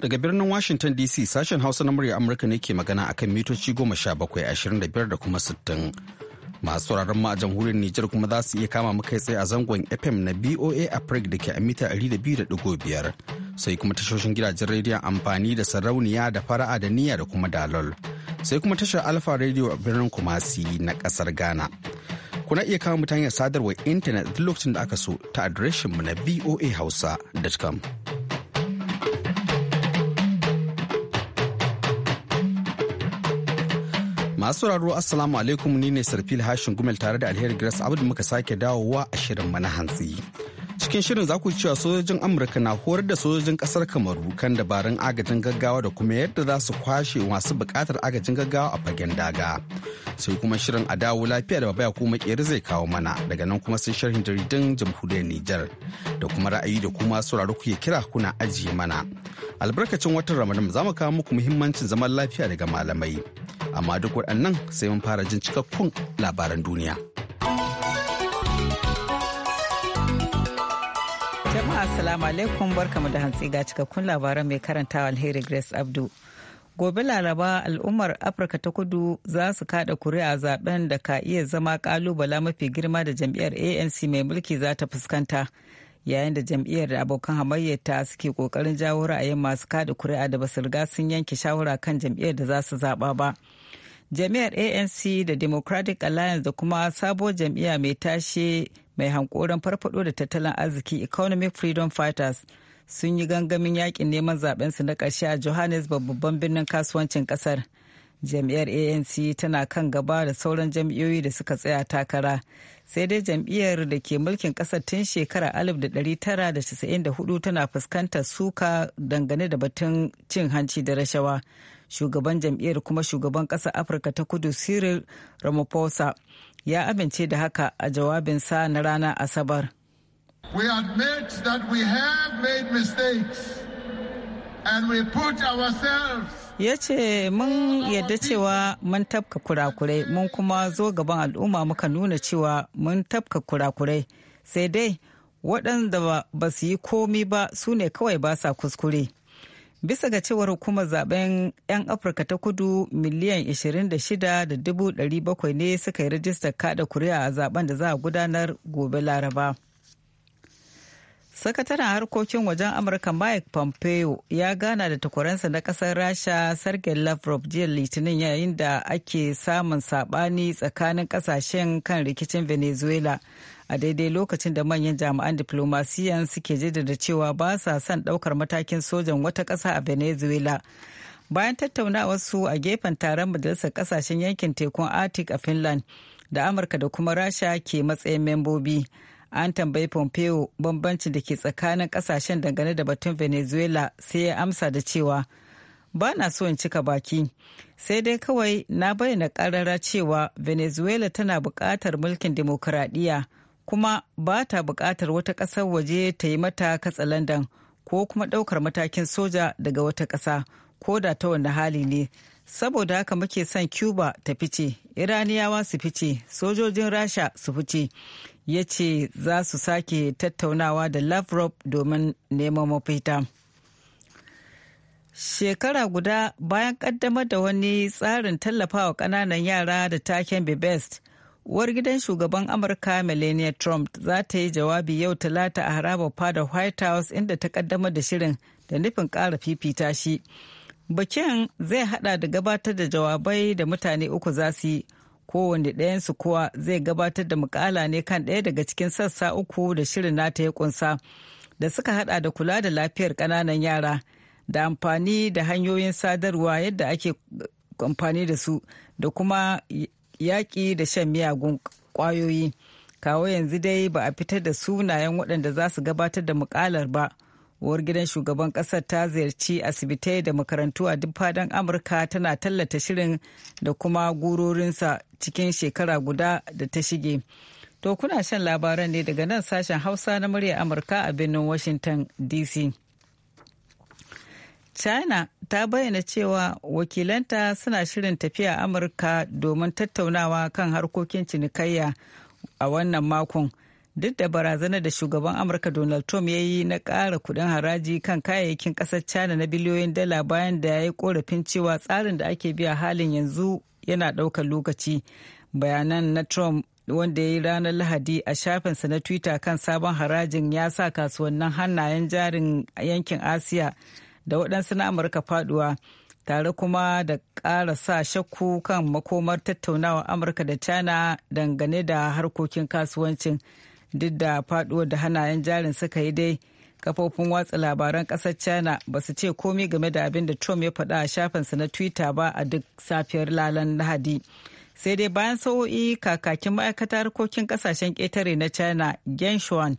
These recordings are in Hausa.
Daga birnin Washington DC sashen Hausa na murya Amurka ne ke magana a kan mitoci goma sha bakwai ashirin da biyar da kuma sittin. Masu sauraron ma a jamhuriyar Nijar kuma za su iya kama mu kai tsaye a zangon FM na BOA Africa da ke a mita ɗari da biyu da ɗigo biyar. Sai kuma tashoshin gidajen rediyon amfani da sarauniya da fara'a da niyya da kuma dalol. Sai kuma tashar Alfa Radio a birnin Kumasi na ƙasar Ghana. Kuna iya kama mutane sadarwar intanet duk lokacin da aka so ta adireshinmu na voahausa.com. Masu sauraro Assalamu alaikum ni ne Sarfil Hashin Gumel tare da Alheri Grace Abdul muka sake dawowa a shirin mana hantsi. Cikin shirin za ku cewa sojojin Amurka na horar da sojojin kasar Kamaru kan dabarun agajin gaggawa da kuma yadda za su kwashe masu bukatar agajin gaggawa a fagen daga. Sai kuma shirin a dawo lafiya da babaya kuma kere zai kawo mana daga nan kuma sai sharhin jaridun jamhuriyar Nijar da kuma ra'ayi da kuma sauraro ku kira kuna ajiye mana. Albarkacin watan Ramadan za mu kawo muku muhimmancin zaman lafiya daga malamai. amma duk waɗannan sai mun fara jin cikakkun labaran duniya. jama'a assalamu alaikum barkamu da hantsi ga cikakkun labaran mai karantawa alheri grace abdu gobe laraba al'ummar afirka ta kudu za su kada kuri'a zaben da ka iya zama kalubala mafi girma da jam'iyyar anc mai mulki za ta fuskanta yayin da jam'iyyar da abokan hamayyata suke kokarin jawo ra'ayin masu kada kuri'a da basu riga sun yanke shawara kan jam'iyyar da za su zaba ba. jami'ar anc da democratic alliance da kuma sabuwar jam'iyya mai tashe mai hankoron farfado da tattalin arziki economic freedom fighters sun yi gangamin yakin neman zabensu na ƙarshe a johannesburg babban birnin kasuwancin ƙasar jam'iyyar anc tana kan gaba da sauran jam'iyyoyi da suka tsaya takara sai dai jam'iyyar da ke mulkin ƙasar tun shekara 1994 tana fuskantar suka dangane da batun cin hanci da rashawa shugaban jam'iyyar kuma shugaban ƙasar afirka ta kudu cyril ramaphosa ya amince da haka a jawabinsa na ranar asabar we admit that we have made mistakes and we put ourselves ya ce mun yadda cewa mun tafka kurakurai mun kuma zo gaban al'umma muka nuna cewa mun tabka kurakurai sai dai waɗanda ba su yi komi ba su ne kawai ba sa kuskure bisa ga cewar hukumar zaben 'yan afirka ta kudu miliyan 26,700 ne suka yi rajistar kada kuri'a a zaben da za a gudanar gobe laraba sakataren harkokin wajen amurka mike pompeo ya gana da takwaransa na kasar rasha sergei lavrov jiya litinin yayin da ake samun sabani tsakanin kasashen kan rikicin venezuela a daidai lokacin da manyan jami'an diplomasiyan suke jaddada cewa ba sa son ɗaukar matakin sojan wata ƙasa a venezuela bayan tattaunawarsu a gefen taron majalisar ƙasashen yankin tekun arctic a finland da amurka da kuma rasha ke matsayin membobi an tambayi pompeo bambancin da ke tsakanin ƙasashen dangane da batun venezuela sai ya amsa da cewa ba na so in cika baki sai dai kawai na bayyana karara cewa venezuela tana buƙatar mulkin dimokuraɗiyya kuma ba ta buƙatar wata ƙasar waje ta yi mata katsalandan ko kuma ɗaukar matakin soja daga wata ƙasa ko da ta wani hali ne saboda haka muke son cuba ta fice iraniyawa su fice sojojin rasha su fice ya ce za su sake tattaunawa da lavrov domin neman mafita shekara guda bayan kaddamar da wani tsarin tallafawa kananan yara da taken be best uwar gidan shugaban amurka melania trump za ta yi jawabi yau talata a harabar fadar white house inda ta kaddamar da shirin da nufin ƙara fifita shi bikin zai hada da gabatar da jawabai da mutane uku za su yi kowanne ɗayansu kuwa zai gabatar da mukala ne kan ɗaya daga cikin sassa uku da shirin nata ya kunsa da suka hada da kula da lafiyar ƙananan yara da amfani da hanyoyin sadarwa yadda ake amfani da su da kuma yaƙi da shan miyagun ƙwayoyi kawo yanzu dai ba a fitar da sunayen waɗanda za su gabatar da mukalar ba uwar gidan shugaban ƙasar ta ziyarci asibitai da makarantu a duk fadan amurka tana tallata shirin da kuma gurorinsa cikin shekara guda da ta shige to kuna shan labaran ne daga nan sashen hausa na murya amurka a birnin washington dc China ta bayyana cewa wakilanta suna shirin tafiya Amurka domin tattaunawa kan harkokin cinikayya a wannan makon. Duk da barazanar da shugaban Amurka Donald Trump ya yi na ƙara kudin haraji kan kayayyakin ƙasar China na biliyoyin dala bayan da ya yi korafin cewa tsarin da ake biya halin yanzu yana ɗaukar lokaci. Bayanan na Trump wanda ya yi ranar lahadi a shafinsa na twitter kan sabon harajin ya sa kasuwannin hannayen jarin yankin asiya da waɗansu na amurka faduwa tare kuma da ƙara sa shakku kan makomar tattaunawa amurka da china dangane da harkokin kasuwancin duk da faduwar da hannayen jarin suka yi dai kafofin watsa labaran ƙasar china ba su ce komi game da abin da trump ya faɗa a shafinsa na twitter ba a duk safiyar lalan lahadi sai dai bayan sa'o'i kakakin ma'aikatar harkokin ƙasashen ƙetare na china genshuan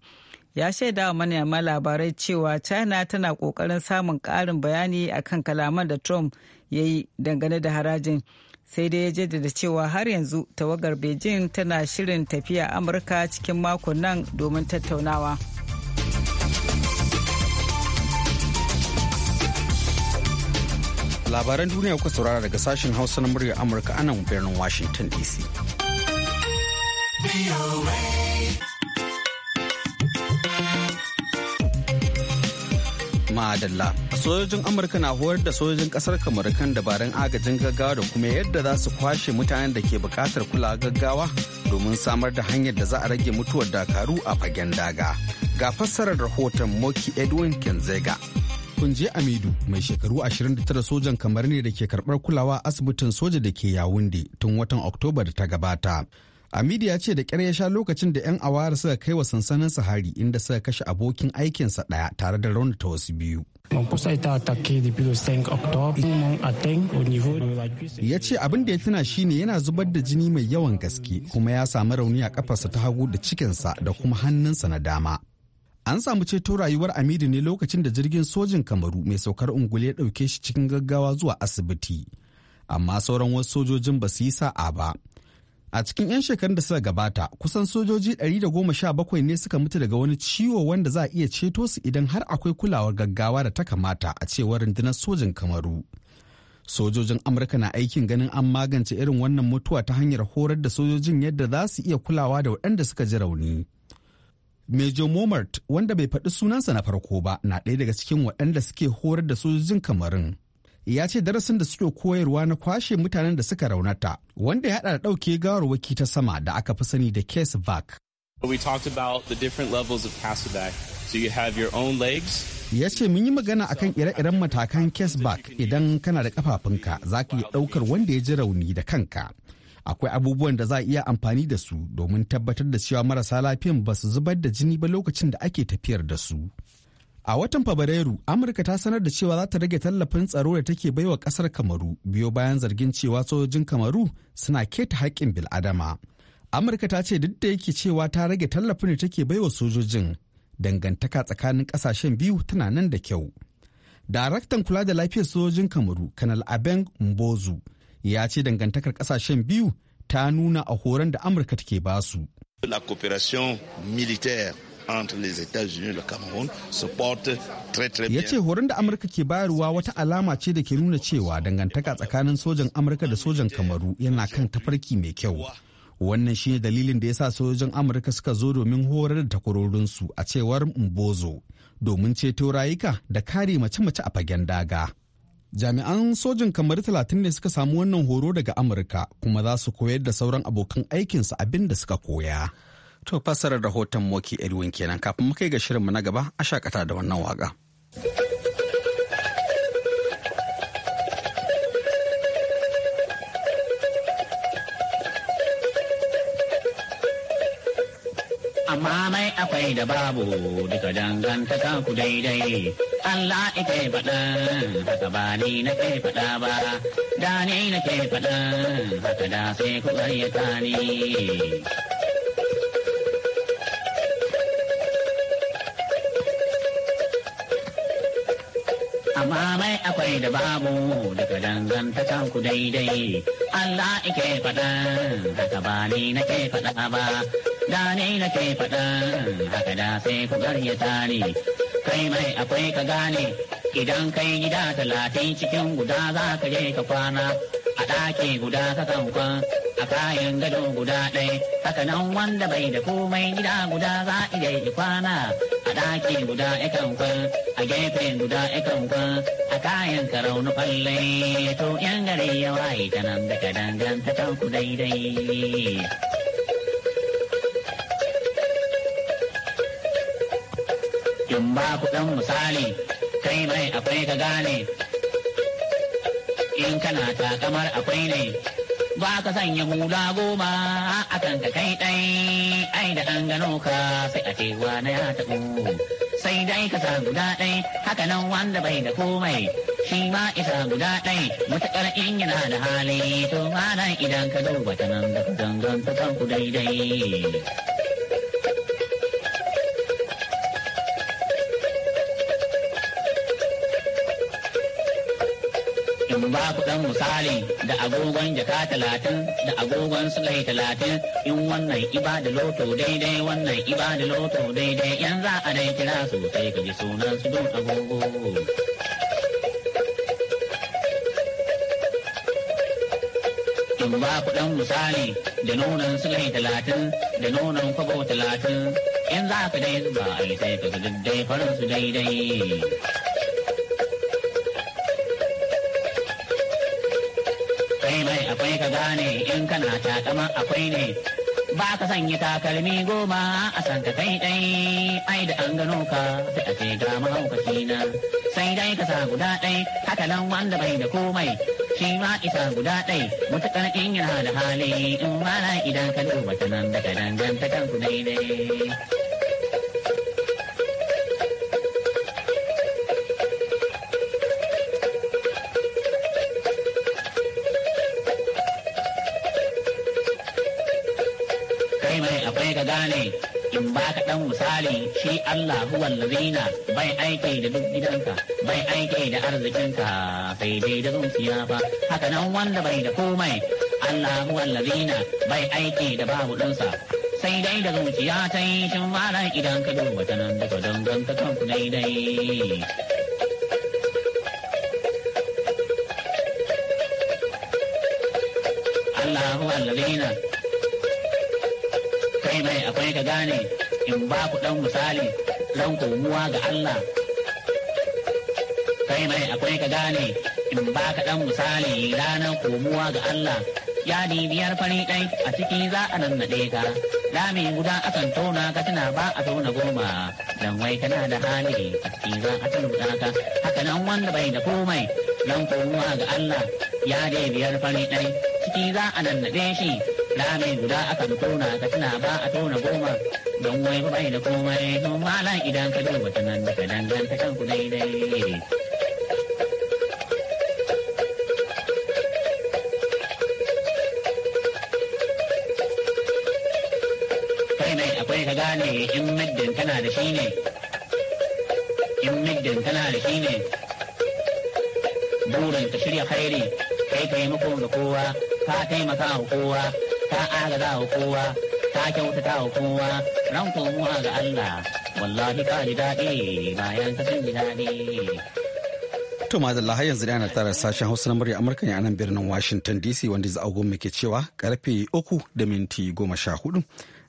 ya shaida wa manema labarai cewa china tana kokarin samun karin bayani akan kalaman da trump ya yi dangane da harajin sai dai ya jaddada cewa har yanzu tawagar beijing tana shirin tafiya amurka cikin makon nan domin tattaunawa labaran duniya kuka saurara daga sashen hausa na murya amurka anan birnin washington dc dalla. Sojojin Amurka na horar da sojojin kasar Kamar kan dabarun agajin gaggawa da kuma yadda za su kwashe mutanen da ke bukatar kulawa gaggawa domin samar da hanyar da za a rage mutuwar dakaru a fagen daga. Ga fassarar rahoton Moki Edwin Kenzega. Kunje Amidu mai shekaru 29 sojan kamar ne da ke karbar kulawa asibitin soja da ke Yawunde tun watan Oktoba da ta gabata. Amidu ya ce da ƙyar ya sha lokacin da 'yan awara suka kai wa sansanin sahari inda suka kashe abokin aikinsa ɗaya tare da ta wasu biyu. Ya ce abin da ya tuna shine yana zubar da jini mai yawan gaske kuma ya samu rauni a kafarsa ta hagu da cikinsa da kuma hannunsa na dama. An samu ceto rayuwar Amidu ne lokacin da jirgin sojin Kamaru mai saukar ungule ya ɗauke shi cikin gaggawa zuwa asibiti. Amma sauran wasu sojojin ba su yi sa'a ba. a cikin 'yan shekarun da suka gabata kusan sojoji 117 ne suka mutu daga wani ciwo wanda za a iya ceto su idan har akwai kulawar gaggawa da ta kamata a cewar rundunar sojin kamaru sojojin amurka na aikin ganin an magance irin wannan mutuwa ta hanyar horar da sojojin yadda za su iya kulawa da waɗanda suka ji rauni Major momart wanda bai faɗi sunansa na farko ba na ɗaya daga cikin waɗanda suke horar da sojojin kamarin ya ce darasin da suke koyarwa na kwashe mutanen da suka raunata wanda ya hada da ɗauke gawarwaki ta sama da aka fi sani da case bak. We talked about the different levels of Casevac. So you have your own legs, ya ce mun yi magana akan ire-iren matakan bak idan kana da kafafunka za ka iya ɗaukar wanda ya ji rauni da kanka akwai abubuwan da za a iya amfani da su domin tabbatar da cewa marasa lafiyan ba su zubar da jini ba lokacin da ake tafiyar da su A watan Fabrairu, Amurka ta sanar da cewa za ta rage tallafin tsaro da take baiwa kasar Kamaru biyo bayan zargin cewa sojojin Kamaru suna keta haƙƙin bil'adama. Amurka ta ce duk da yake cewa ta rage tallafin da take baiwa sojojin dangantaka tsakanin ƙasashen biyu tana nan da kyau. Daraktan kula da lafiyar sojojin Kamaru, Kanal Abeng Mbozu, ya ce dangantakar ƙasashen biyu ta nuna a horon da Amurka take basu. La coopération militaire entre Ya ce horon da Amurka ke bayarwa wata alama ce da ke nuna cewa dangantaka tsakanin sojan Amurka da sojan Kamaru yana kan tafarki mai kyau. Wannan shi ne dalilin da ya sa sojan Amurka suka zo domin horar da takwarorinsu a cewar Mbozo domin ceto rayuka da kare mace-mace a fagen daga. jami'an sojin kamar 30 ne suka samu wannan horo daga amurka kuma za su koyar da sauran abokan aikinsu abin da suka koya To fasarar rahoton Moki Edwin kenan kafin mu kai ga shirinmu na gaba a shakata da wannan waka. amma mai akwai da babu duka dangantaka ku daidai. Allah ike faɗa haka ba ni na ke faɗa ba, da ni na ke faɗa haka da sai ku ƙaryata ni. mamai akwai da babu daga dangantakan ku daidai Allah ike faɗa haka ba ni nake faɗa ba da ni nake faɗa haka da sai ku garyata ni kai mai akwai ka gane idan kai gida talatin cikin guda za ka je ka kwana a ɗaki guda ka kan kwan a kayan gado guda ɗaya haka nan wanda bai da komai gida guda za a iya kwana a ɗaki guda ikan kwan a gefe guda ikan kwan a kayan na falle to yan gari ya waye ta nan da ka danganta kan ku daidai. In ba ku ɗan misali kai mai akwai ka gane in kana kamar akwai ne. ba ka sanya hula goma a kan ka kai ɗai ai da an gano ka sai a cewa na ya taɓu sai dai ka sa guda ɗai haka nan wanda bai da komai shi ma isa guda ɗai mutakar in yana da hali to ma idan ka duba ta nan da kusan don ta kanku ku daidai. ba ku dan misali da agogon jaka talatin da agogon sulai talatin in wannan iba da loto daidai wannan iba da loto daidai yan za a dai kira su sai ka ji sunan su don agogo. ba ku dan misali da su sulai talatin da nonon kwabo talatin yan za ka dai zuba a yi sai ka ga daidai farin su daidai. mai mai akwai ka gane in kana takama akwai ne ba ka sanya takalmi goma a san ka kai dai ai da an gano ka da ake gama ga na sai dai ka sa guda dai haka nan wanda bai da komai shi ma isa guda dai mutakar in yana da hali in ma idan ka duba ta nan daga dangantakan ku daidai. Allah huwa lazina bai aiki da duk gidanka bai aiki da arzikinka sai dai da zuciya ba haka nan wanda bai da komai Allah huwa lazina bai aiki da babu ɗansa sai dai da zuciya ta yi shin wala idan ka duba ta nan daga dangan ka kanku daidai. Allah huwa lazina kai mai akwai ka gane in ba ku ɗan misali zan komuwa ga Allah. Kai mai akwai ka gane in ba ka ɗan misali ranar komuwa ga Allah. Ya biyar fari ɗai a ciki za a nan naɗe ka. Rami guda akan tona ka tana ba a tona goma. Dan wai kana da hali a ciki za a tuna ka. Haka nan wanda bai da komai dan komuwa ga Allah. Ya biyar fari ɗai ciki za a nan naɗe shi. Rami guda akan tona ka tana ba a tona goma. don wai ba bai da komai don mala idan ka duba ta nan daga danganta kanku daidai. akwai ka gane in muddin tana da shi ne in muddin tana da shi ne burin ka shirya hairi kai taimako ga kowa ka taimaka wa kowa ka agaza wa kowa ka kyautata wa kowa ran komuwa ga Allah wallahi ka ni daɗi bayan ka ji daɗi. To madalla har yanzu yana tara sashen Hausa na murya Amurka ne a nan birnin Washington DC wanda za a ke cewa karfe uku da minti goma sha hudu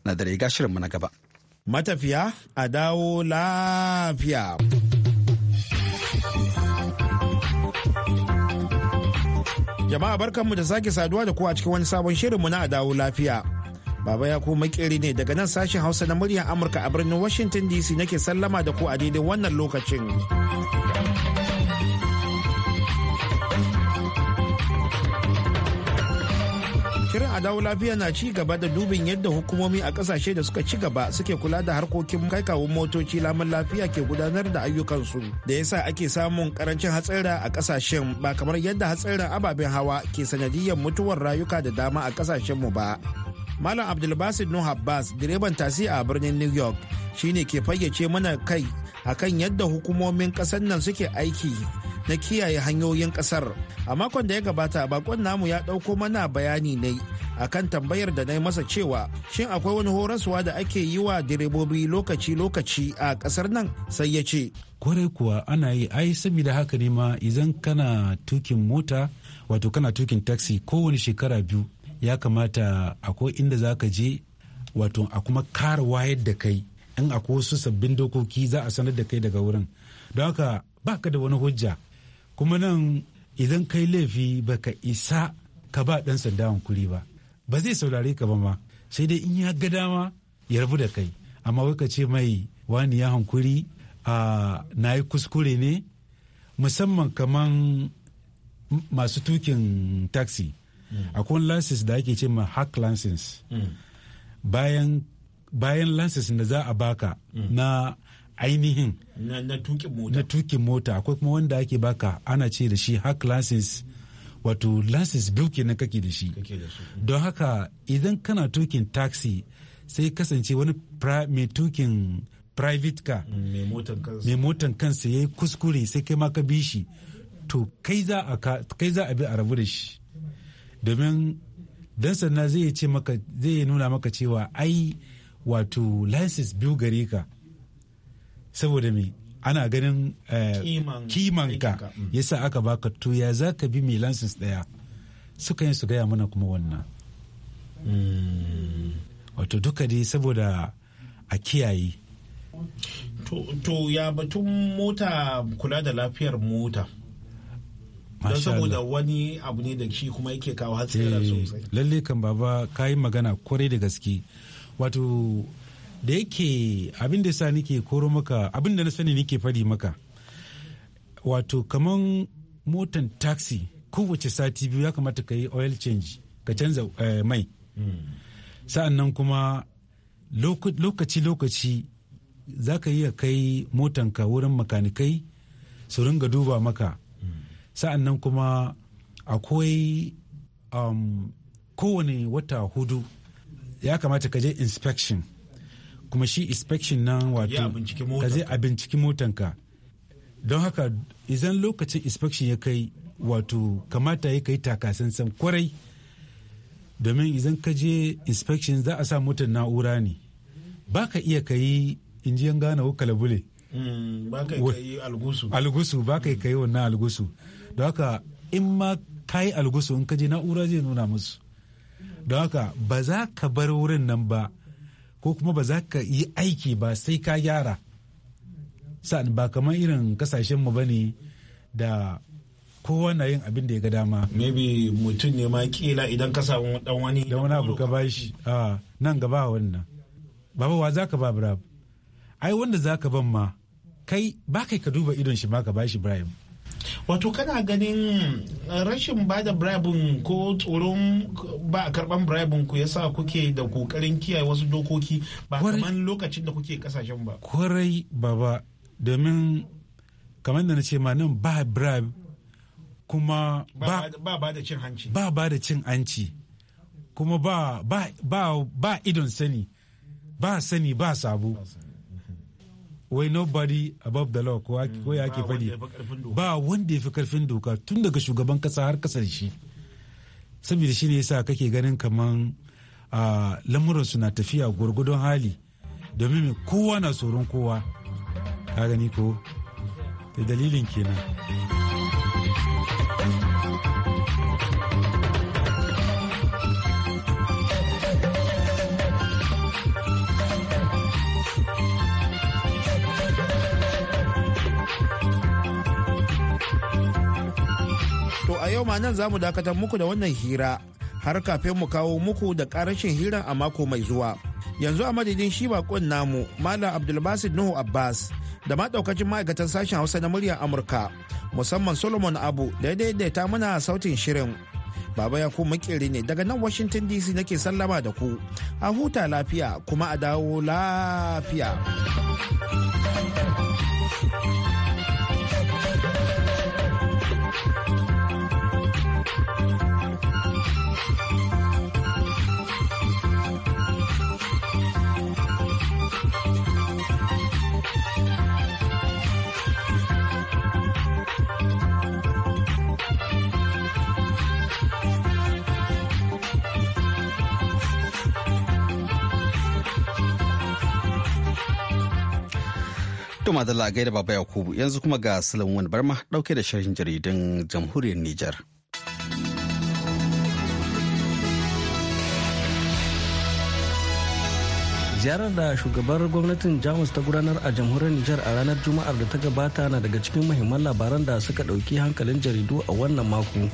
na dare mu na gaba. Matafiya a dawo lafiya. Jama'a barkanmu da sake saduwa da ku a cikin wani sabon shirinmu na a dawo lafiya. Baba ya ku makeri ne daga nan sashen Hausa na muryar Amurka a birnin Washington DC nake sallama da ku a daidai wannan lokacin. Shirin a lafiya na ci gaba da dubin yadda hukumomi a kasashe da suka ci gaba suke kula da harkokin kai kawun motoci laman lafiya ke gudanar da ayyukansu da yasa ake samun karancin hatsira a kasashen ba kamar yadda hatsirin ababen hawa ke sanadiyar mutuwar rayuka da dama a kasashen mu ba. Malam Abdulbasid Nuh Abbas direban tasi a birnin New York shine ke fayyace mana kai a kan yadda hukumomin kasar nan suke aiki na kiyaye hanyoyin kasar. A makon da ya gabata bakon namu ya ɗauko mana bayani ne akan tambayar da na yi masa cewa shin akwai wani horaswa da ake yi wa direbobi lokaci-lokaci a kasar nan sai ya ce. Kwarai kuwa ana yi ai saboda haka ne ma idan kana tukin mota wato kana tukin taxi kowane shekara biyu ya kamata akwai inda za ka je wato a kuma kara wayar da kai in akwai wasu sabbin dokoki za a sanar da kai daga wurin don haka ba ka da wani hujja kuma nan idan kai laifi ba ka isa ka ba ɗan sanda hankuri ba ba zai saurare ka ba ma sai dai in ya ga dama ya rabu da kai amma wai ce mai wani ya hankuri a na yi kuskure ne musamman kaman masu tukin taxi akwai lances da ake ce ma hack lances mm. bayan bayan lances da za a baka mm. na ainihin na tukin mota akwai kuma wanda ake baka ana ce da shi hack lances wato lances bilki na kake da shi mm. don haka idan kana tukin taxi sai kasance wani mai tukin private car mai motan kansa ya yi kuskure sai kai ma ka bi shi to kai za a bi a rabu da shi domin dan sannan zai ce maka zai nuna maka cewa ai wato license biyu gare ka saboda me ana ganin eh, kiman ka mm. yasa aka baka to ya za ka bi mai lansis daya suka yi su gaya mana kuma wannan hmm. wato duka dai saboda a kiyaye to ya batun mota kula da lafiyar mota don saboda wani abu ne da shi kuma yake kawo hatsira eh, sosai lalle kan baba kayi magana kwarai da gaske wato da yake abin da sa nake koro maka abin da na sani nake fadi maka wato kaman motan taxi kowace sati biyu ya kamata ka yi oil change ka canza eh, mai hmm. sa'annan sa'an nan kuma lokaci-lokaci za ka iya kai motanka wurin makanikai su ringa duba maka sa'an nan kuma akwai um, kowane wata hudu ya kamata ka je inspection kuma shi inspection nan wato ka je a binciki motanka don haka idan lokacin inspection ya kai wato kamata ya kai takasansan kwarai domin idan ka je inspection za a sa motar na'ura ne ba ka iya ka yi injiyan gane ko kalabule Mm, ba ka yi algusu ba ka yi wannan algusu don haka in ma ka yi algusu in ka je na'ura zai nuna musu don haka ba za ka bar wurin nan ba ko kuma ba za ka yi aiki ba sai ka gyara sa'an ba kamar irin kasashenmu ba ne da kowa na yin abin da ya ga dama. Maybe mutum ne ma kila idan ka samu dan wani. Da wani abu ka ba shi nan gaba wannan. Baba wa za ka ba Ibrahim? Ai wanda za ka ban ma kai ba kai ka duba idon shi ma ka ba shi Ibrahim. wato kana ganin eh, rashin ba da bribin ko tsoron ba a karban bribin ku yasa kuke da kokarin kiyaye wasu dokoki ba kaman lokacin da kuke kasashen ba kwarai baba domin kamar da na ce ma nan ba bribe kuma ba ba da cin hanci ba ba da cin hanci kuma ba ba ba idon sani ba sani ba sabo wai nobody above the law ko ya ke faɗi ba wanda ya fi karfin doka tun daga shugaban kasa har kasar shi saboda shi ne yasa kake ganin kaman lamuran suna tafiya gwargwadon hali domin kowa na tsoron kowa ka gani ko da dalilin kenan. yau ma nan za mu dakatar muku da wannan hira har kafin mu kawo muku da karashin hira a mako mai zuwa. Yanzu a madadin shi bakon namu Malam Abdulbasid Nuhu Abbas da ma daukacin ma'aikatan sashen Hausa na muryar Amurka musamman Solomon Abu da ya daidaita mana sautin shirin. Baba ya ku makeri ne daga nan Washington DC nake sallama da ku. A huta lafiya kuma a dawo lafiya. To madalla gaida baba Yakubu yanzu kuma ga Sulaiman Barma dauke da sharhin jaridan Jamhuriyar Nijar. ziyarar da shugabar gwamnatin jamus ta gudanar a jamhuriyar nijar a ranar juma'ar da ta gabata na daga cikin muhimman labaran da suka ɗauki hankalin jaridu a wannan mako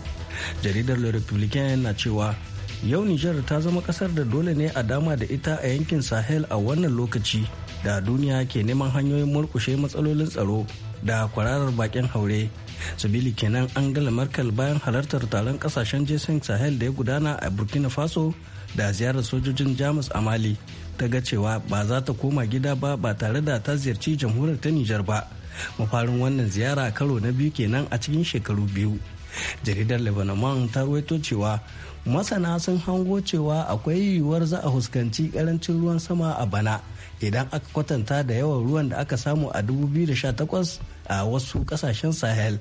jaridar le republican na cewa yau nijar ta zama kasar da dole ne a dama da ita a yankin sahel a wannan lokaci da duniya ke neman hanyoyin murkushe matsalolin tsaro da kwararar bakin haure sabili kenan angela merkel bayan halartar taron kasashen jason sahel da ya gudana a burkina faso da ziyarar sojojin jamus a mali ta ga cewa ba za ta koma gida ba ba tare da ta ziyarci jamhuriyar ta nijar ba mafarin wannan ziyara karo na biyu kenan a cikin shekaru biyu jaridar lebanon ta ruwaito cewa masana sun hango cewa akwai yiwuwar za a huskanci karancin ruwan sama a bana idan aka kwatanta da yawan ruwan da aka samu a 2018 a wasu kasashen sahel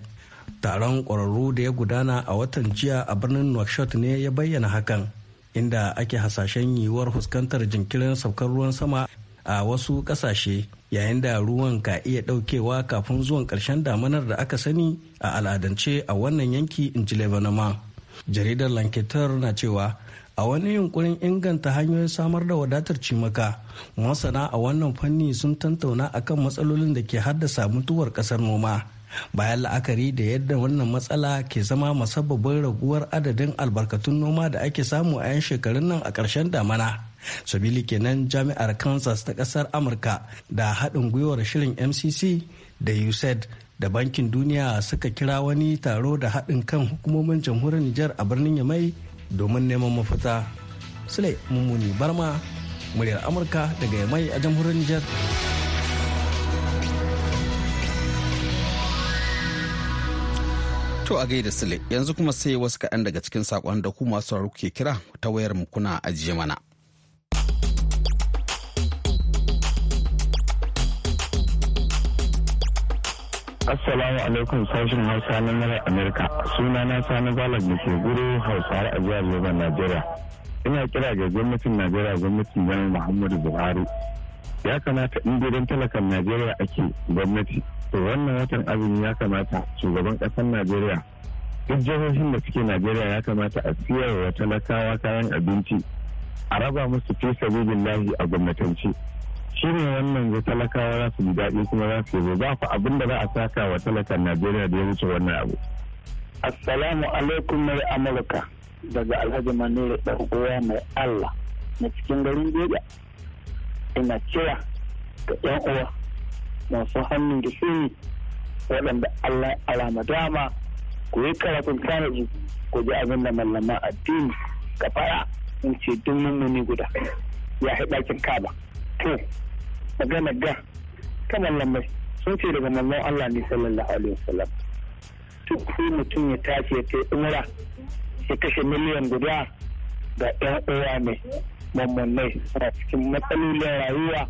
taron ƙwararru da ya gudana a watan jiya a birnin nouakchott ne ya bayyana hakan inda ake hasashen yiwuwar fuskantar jinkirin saukar ruwan sama a wasu ƙasashe yayin da ruwan ka iya ɗaukewa kafin zuwan ƙarshen damanar da aka sani a al'adance a wannan yanki in ji lebanama jaridar lanketar na cewa a wani yunkurin inganta hanyoyin samar da wadatar cimaka masana a wannan fanni sun tantauna akan matsalolin da ke haddasa mutuwar ƙasar noma bayan la'akari da yadda wannan matsala ke zama musabbabin raguwar adadin albarkatun noma da ake samu a 'yan shekarun nan a ƙarshen damana sabili kenan jami'ar kansas ta kasar amurka da haɗin gwiwar shirin mcc da usaid da bankin duniya suka kira wani taro da haɗin kan hukumomin jamhuriyar nijar a birnin yamai domin neman mafita sule mummuni barma muryar amurka daga yamai a jamhuriyar nijar To a gaida Sule, yanzu kuma sai wasu kaɗan daga cikin saƙon da ku masu ke kira ta wayar mu kuna ajiye mana. Assalamu alaikum sashen Hausa na Murar Amerika. Suna na Sani Balak da ke guru Hausa a jihar Yoruba Najeriya. Ina kira ga gwamnatin Najeriya gwamnatin Jami'ar Muhammadu Buhari. Ya kamata in gidan talakan Najeriya ake gwamnati. To wannan watan azumi ya kamata shugaban ƙasar Najeriya duk jihohin da suke Najeriya ya kamata a siyarwa talakawa kayan abinci a raba musu fi lahi a gwamnatance. shi ne wannan ga talakawa za su ji daɗi kuma za su yi ba ku abin da za a saka wa talakan najeriya da ya wuce wannan abu assalamu alaikum mai amurka daga alhaji manure ɗan'uwa mai allah na cikin garin jeja ina kira ga yan uwa masu hannun da ne waɗanda allah alama dama ku yi karatun tanaji ku ji abin da mallama addini ka fara in ce duk mummuni guda ya kin kaba to magana da ta mallan mai sun ce daga mallan Allah ne sallallahu alaihi wasallam to mutum ya tashi ya kai umra ya kashe miliyan guda da ɗan uwa ne mammanai a cikin matsalolin rayuwa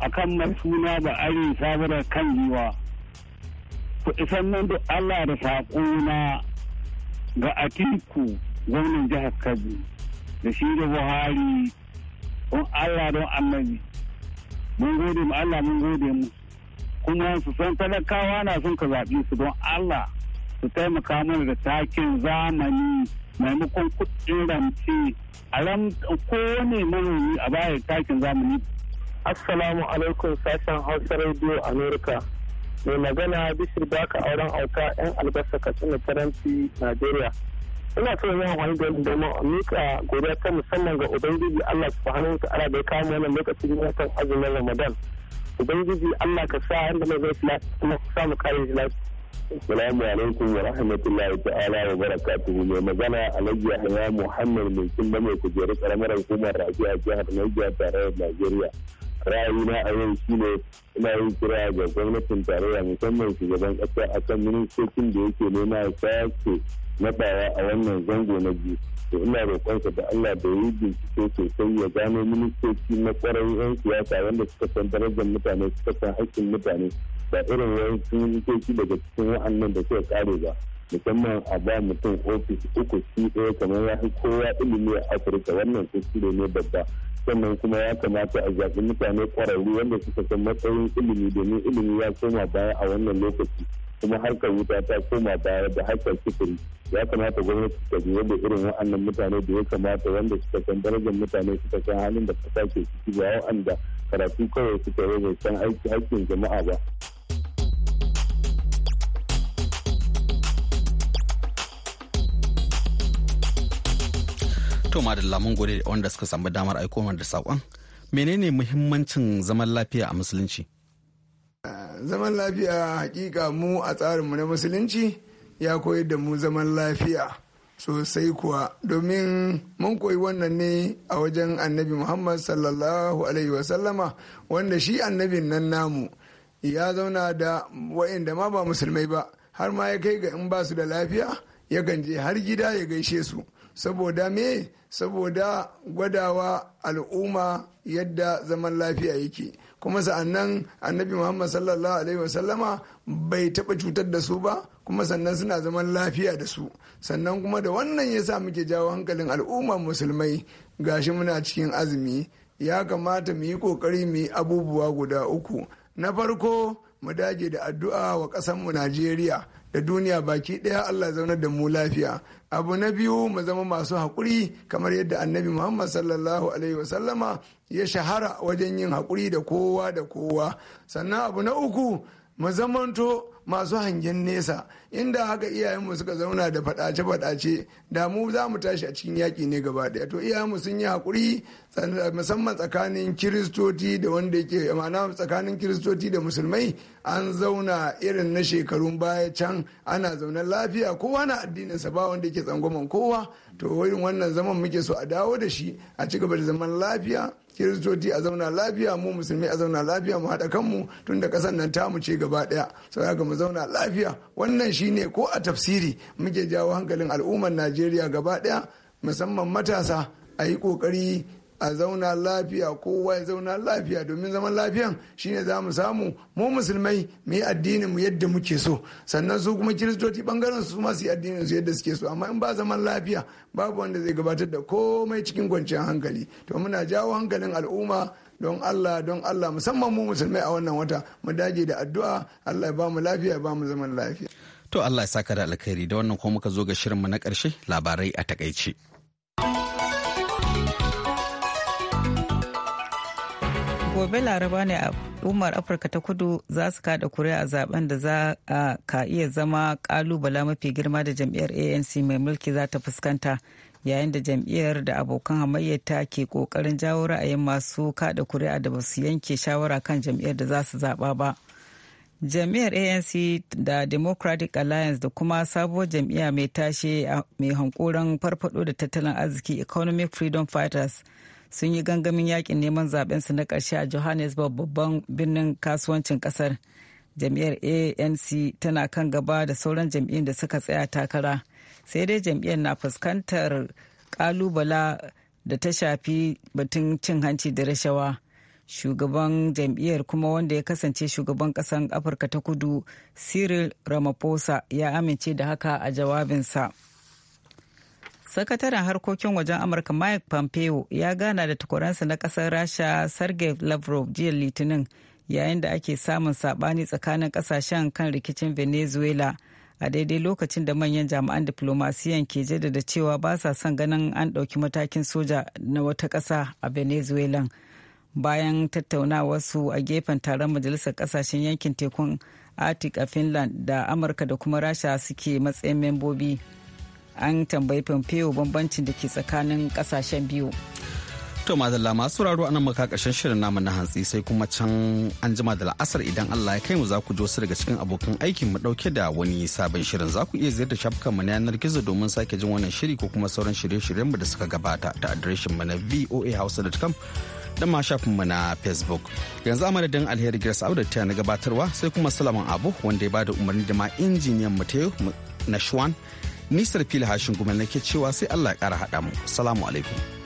akan kan suna ba yi sabuwar kan yiwa ku isan nan da Allah da saƙo na ga Atiku gwamnan jihar kaji da shi da Buhari don Allah don annabi mun gode mu Allah mun gode mu kuma su san talakawa na son ka zaɓi su don Allah su taimaka mana da takin zamani maimakon kuɗin ramce a ram kowane manomi a baya takin zamani. Assalamu alaikum sashen Hausa Radio America. Mai magana Bishir Baka auren auka 'yan albasa Katsina Taranti, Najeriya. ina so yin wani da wanda mu mika godiya ta musamman ga ubangiji Allah subhanahu wa ta'ala da ya kawo mana lokacin watan azumin Ramadan ubangiji Allah ka sa inda mai zai fila kuma ka samu kare shi lafiya Assalamu alaikum wa rahmatullahi ta'ala wa barakatuhu mai magana Alhaji Yahya Muhammad mai kin da mai kujeru karamar hukumar Rabi'a jihar Niger tare da Najeriya. na a yau ne ina yin kira ga gwamnatin tarayya musamman shugaban ƙasa kan ministocin da yake nema ya sake a wannan zango na biyu to ina roƙonsa da Allah da yi bincike sosai ya gano ministoci na ƙwararru 'yan siyasa wanda suka san darajar mutane suka san haƙƙin mutane ba irin wasu ministoci daga cikin wa'annan da suka kare ba musamman a ba mutum ofis uku shi ɗaya kamar ya fi kowa ilimi a afirka wannan kuskure ne babba sannan kuma ya kamata a zaɓi mutane ƙwararru wanda suka san matsayin ilimi domin ilimi ya koma baya a wannan lokaci kuma harkar wuta ta koma baya da harkar sufuri ya kamata gwamnati ta lura da irin wa'annan mutane da ya kamata wanda suka san darajar mutane suka san halin da kasa ke ciki ba wa'anda karatu kawai suka rage san aiki hakkin jama'a ba. To da mun gode wanda suka samu damar aiko mana da saƙon. Menene muhimmancin zaman lafiya a musulunci? Ah, zaman lafiya hakika mu a tsarinmu na musulunci ya koyar da mu zaman lafiya sosai kuwa domin mun koyi wannan ne a wajen annabi Muhammad sallallahu alaihi wasallama wanda shi annabin nan namu ya zauna da wa'inda ma ba musulmai ba har ma ya kai ga in ba su da lafiya ya je har gida ya gaishe su. saboda me saboda gwadawa al'umma yadda zaman lafiya yake kuma sa'annan annabi muhammad sallallahu alaihi wasallama bai taɓa cutar da su ba kuma sannan suna zaman lafiya da su sannan kuma da wannan ya sa muke jawo hankalin al'umma musulmai gashi muna cikin azumi ya kamata mu yi kokari mu yi abubuwa guda uku na farko mu dage da addu'a wa ƙasarmu najeriya da duniya baki ɗaya allah zaunar da mu lafiya abu na biyu mu zama masu haƙuri kamar yadda annabi muhammad sallallahu alaihi wasallama ya shahara wajen yin haƙuri da kowa da kowa sannan abu na uku mu zamanto masu hangen nesa inda haka iyayenmu suka zauna da fadace-fadace da mu za mu tashi a cikin yaƙi ne gaba ɗaya to iyayenmu sun yi haƙuri musamman tsakanin kiristoti da wanda yake ma'ana tsakanin kiristoti da musulmai an zauna irin na shekarun baya can ana zaunen lafiya kowa na addininsa ba wanda ke tsangwaman kowa to wannan zaman muke so a dawo da shi a ci gaba da zaman lafiya kiristoci a zauna lafiya mu musulmi a zauna lafiya mu haɗa kanmu tun da ƙasar nan tamu ce gaba ɗaya sau ga mu zauna lafiya wannan shine ko a tafsiri muke jawo hankalin al'ummar najeriya gaba ɗaya musamman matasa a yi ƙoƙari a zauna lafiya kowa ya zauna lafiya domin zaman lafiyan shine za mu samu mu musulmai mu yi addinin mu yadda muke so sannan su kuma kiristoci bangaren su ma su yi addinin su yadda suke so amma in ba zaman lafiya babu wanda zai gabatar da komai cikin kwanciyar hankali to muna jawo hankalin al'umma don Allah don Allah musamman mu musulmai a wannan wata mu dage da addu'a Allah ya ba mu lafiya ya ba mu zaman lafiya to Allah ya saka da alkhairi da wannan kuma muka zo ga shirinmu na ƙarshe labarai a takaice gobe laraba ne a umar afirka ta kudu za su kada kuri'a a zaben da za a ka iya zama kalubala mafi girma da jam'iyyar anc mai mulki za ta fuskanta yayin da jam'iyyar da abokan hamayyata ke kokarin jawo ra'ayin masu kada kuri'a da ba su yanke shawara kan jam'iyyar da za su zaba ba jam'iyyar anc da democratic alliance da kuma sabuwar jam'iyya mai tashe mai hankoron farfado da tattalin arziki economic freedom fighters sun yi gangamin yakin neman zaɓensu na ƙarshe a johannesburg babban birnin kasuwancin ƙasar jam'iyyar anc tana kan gaba da sauran jam'iyyun da suka tsaya takara sai dai jam'iyyar na fuskantar ƙalubala da ta shafi batun cin hanci da rashawa shugaban jam'iyyar kuma wanda ya kasance shugaban ƙasar afirka ta kudu cyril ramaphosa ya amince da haka a jawabinsa. sakataren harkokin wajen amurka mike pompeo ya gana da takwaransa na kasar rasha sergei lavrov jiya litinin yayin da ake samun sabani tsakanin kasashen kan rikicin venezuela a daidai lokacin da manyan jami'an diplomasiyan ke jaddada cewa ba sa son ganin an ɗauki matakin soja na wata ƙasa a venezuela bayan tattaunawarsu a gefen taron majalisar kasashen yankin tekun arctic a finland da amurka da kuma rasha suke matsayin membobi. an tambayi pompeo bambancin da ke tsakanin kasashen biyu to madalla masu sauraro anan muka shirin namu na hantsi sai kuma can an jima da la'asar idan allah ya kai mu za ku wasu daga cikin abokan aikin mu dauke da wani sabon shirin za ku iya ziyarta shafukanmu na yanar gizo domin sake jin wannan shiri ko kuma sauran shirye-shiryen mu da suka gabata ta adireshin mu na hausa da ma mu na facebook yanzu dan alheri grace abu da ta na gabatarwa sai kuma salaman abu wanda ya bada umarni da ma injiniyan mu na shwan Nisar fili hashin na nake cewa sai Allah ya kara haɗa mu. Salamu alaikum.